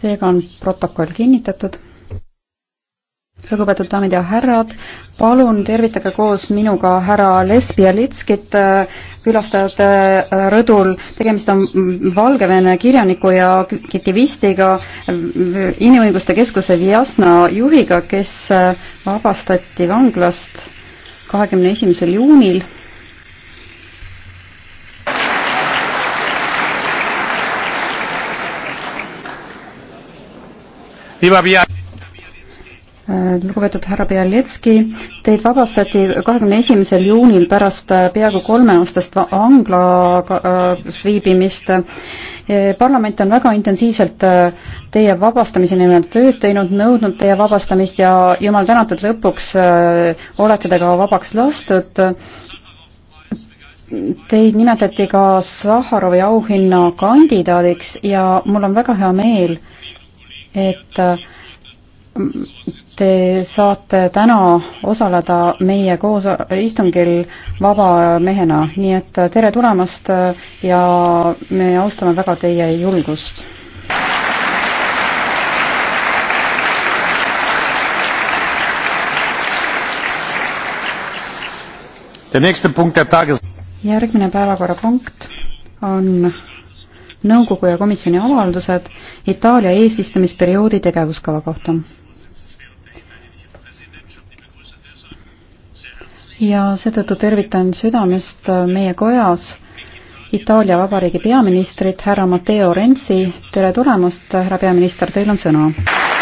seega on protokoll kinnitatud. lugupeetud daamid ja härrad, palun tervitage koos minuga härra Lesbia Litskit, äh, külastajate äh, rõdul. tegemist on Valgevene kirjaniku ja aktivistiga, äh, Inimõiguste Keskuse Vjasna juhiga, kes vabastati vanglast kahekümne esimesel juunil Äh, lugupeetud härra Bialetski, teid vabastati kahekümne esimesel juunil pärast äh, peaaegu kolmeaastast vanglas äh, viibimist. parlament on väga intensiivselt teie vabastamise nimel tööd teinud, nõudnud teie vabastamist ja jumal tänatud, lõpuks olete te ka vabaks lastud. Teid nimetati ka Sahharovi auhinna kandidaadiks ja mul on väga hea meel, et mm, te saate täna osaleda meie koos istungil vaba mehena, nii et tere tulemast ja me austame väga teie julgust. järgmine päevakorrapunkt on nõukogu ja komisjoni avaldused Itaalia eesistumisperioodi tegevuskava kohta. ja seetõttu tervitan südamest meie kojas Itaalia Vabariigi peaministrit härra Matteo Renzi. tere tulemast, härra peaminister, teil on sõna